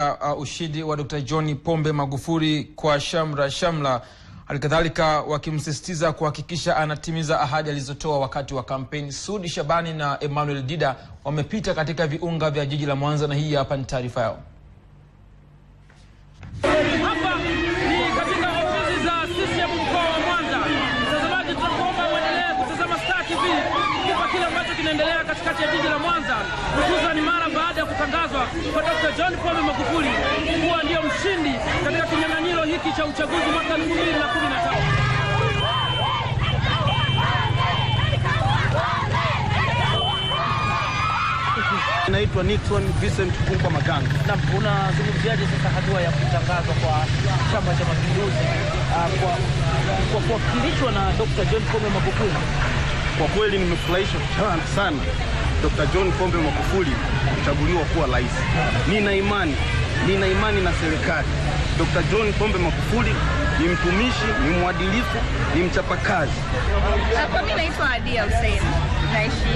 Uh, uh, ushindi wa Dr. John Pombe Magufuli kwa shamra shamla, halikadhalika wakimsisitiza kuhakikisha anatimiza ahadi alizotoa wakati wa kampeni. Sudi Shabani na Emmanuel Dida wamepita katika viunga vya jiji la Mwanza na hii hapa ni taarifa yao. katikati ya jiji la Mwanza kwa Dr. John Pombe Magufuli kuwa ndiyo mshindi katika kinyang'anyiro hiki cha uchaguzi mwaka 2015. Naitwa Nixon Vincent Kumbwa Maganga. kuna unazungumziaje sasa hatua ya kutangazwa kwa Chama cha Mapinduzi ah, kwa kwa kuwakilishwa na Dr. John Pombe Magufuli? Kwa kweli nimefurahishwa sana Dr. John Pombe Magufuli kuchaguliwa kuwa rais. Nina imani, nina imani na serikali. Dr. John Pombe Magufuli ni mtumishi, ni mwadilifu, ni mchapakazi. Kwa mimi naitwa Adia Hussein, naishi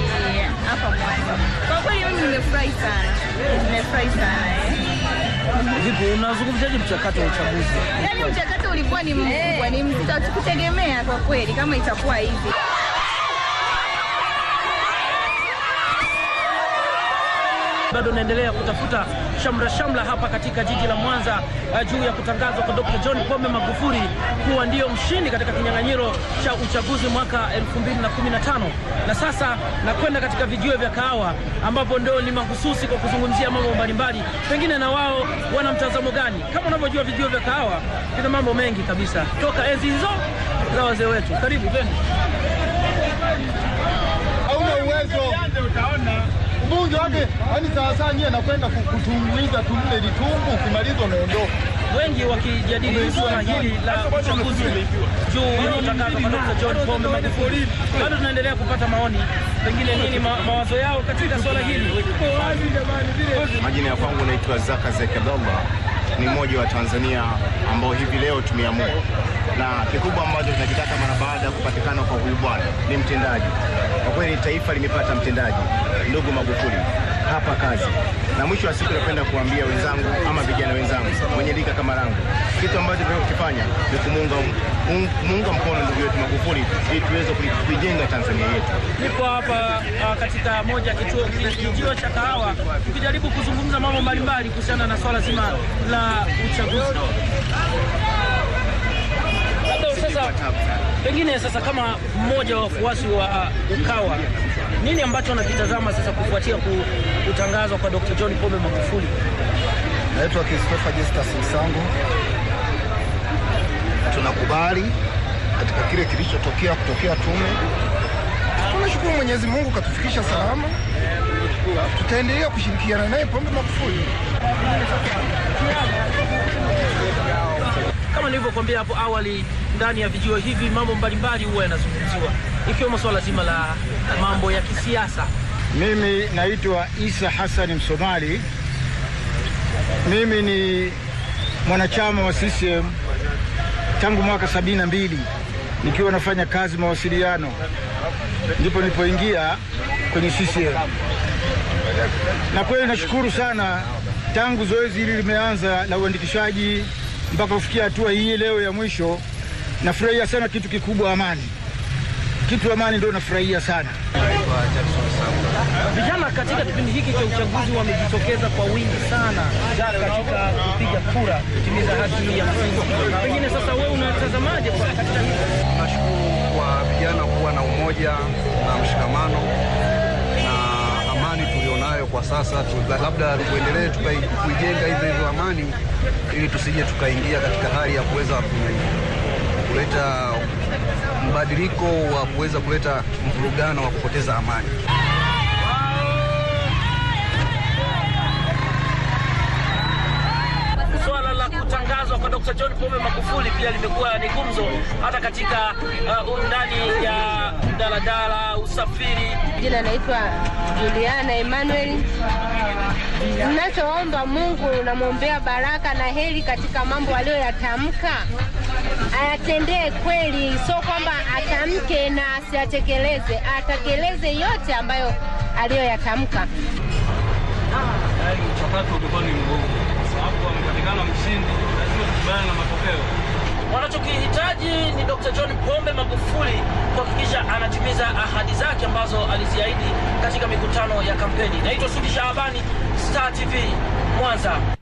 hapa Mwanza. Kwa kweli mimi nimefurahi sana, nimefurahi sana eh. Vipi, unazungumziaje mchakato wa uchaguzi? Yaani mchakato ulikuwa ni mkubwa, ni mzito, tukutegemea kwa kweli kama itakuwa hivi. bado naendelea kutafuta shamra shamra hapa katika jiji la Mwanza eh, juu ya kutangazwa kwa Dr. John Pombe Magufuli kuwa ndiyo mshindi katika kinyang'anyiro cha uchaguzi mwaka 2015 na sasa nakwenda katika vijio vya kahawa ambapo ndio ni mahususi kwa kuzungumzia mambo mbalimbali, pengine na wao wana mtazamo gani. Kama unavyojua vijio vya kahawa vina mambo mengi kabisa toka enzi hizo za wazee wetu. Karibu, twende. Hauna uwezo utaona mbunge wake, yani sasa nyie nakwenda kutumbuiza tumle litumbu, kimalizo naondo Wengi wakijadili swala hili la uchaguzi juu unaotangazwa na John Pombe Magufuli, bado tunaendelea kupata maoni, pengine nini mawazo yao katika swala hili. Majina ya kwangu naitwa Zaka Zekedomba, ni mmoja wa Tanzania ambao hivi leo tumeamua na kikubwa ambacho tunakitaka mara baada ya kupatikana kwa huyu bwana ni mtendaji. Kwa kweli taifa limepata mtendaji, ndugu Magufuli hapa kazi. Na mwisho wa siku, napenda kuambia wenzangu ama vijana wenzangu mwenye lika kama langu, kitu ambacho tunataka kukifanya ni kumuunga, muunga mkono ndugu yetu Magufuli ili tuweze kuijenga Tanzania yetu. Niko hapa katika moja kituo kijio cha kahawa, tukijaribu kuzungumza mambo mbalimbali kuhusiana na swala zima la uchaguzi. Pengine sasa, kama mmoja wa wafuasi wa uh, Ukawa, nini ambacho anakitazama sasa kufuatia kutangazwa kwa Dr. John Pombe Magufuli? Naitwa Christopher Justus Msango. Tunakubali katika kile kilichotokea kutokea tume. Tunashukuru Mwenyezi Mungu katufikisha salama, tutaendelea kushirikiana naye Pombe Magufuli. Kama nilivyokuambia hapo awali ndani ya vijio hivi mambo mbalimbali huwa yanazungumziwa ikiwemo swala zima la mambo ya kisiasa. Mimi naitwa Isa Hassan Msomali. Mimi ni mwanachama wa CCM tangu mwaka sabini na mbili nikiwa nafanya kazi mawasiliano, ndipo nilipoingia kwenye CCM, na kweli nashukuru sana tangu zoezi hili limeanza la uandikishaji mpaka kufikia hatua hii leo ya mwisho Nafurahia sana kitu kikubwa, amani. Kitu amani ndio nafurahia sana. Vijana katika kipindi hiki cha uchaguzi wamejitokeza kwa wingi sana katika kupiga kura, kutimiza haki ya msingi. Pengine sasa, wewe unatazamaje katika hili? Nashukuru kwa vijana kuwa na umoja na mshikamano na amani tulionayo kwa sasa, labda tuendelee tukaijenga hivyo hivyo amani, ili tusije tukaingia katika hali ya kuweza kuleta mbadiliko wa kuweza kuleta mvurugano wa kupoteza amani. Swala la kutangazwa kwa Dr. John Pombe Magufuli pia limekuwa ni gumzo hata katika uh, kusafiri. Jina naitwa Juliana Emmanuel. Ninachoomba Mungu, namwombea baraka na heri katika mambo aliyoyatamka, ayatendee kweli, sio kwamba atamke na asiyatekeleze, atekeleze yote ambayo aliyoyatamka. Mchakato ulikuwa ni mgumu, sababu amepatikana mshindi, lazima tukubaliane na matokeo. Wanachokihitaji ni Dr. John Pombe Magufuli kuhakikisha anatimiza ahadi zake ambazo aliziahidi katika mikutano ya kampeni. Naitwa Sudi Shahabani, Star TV Mwanza.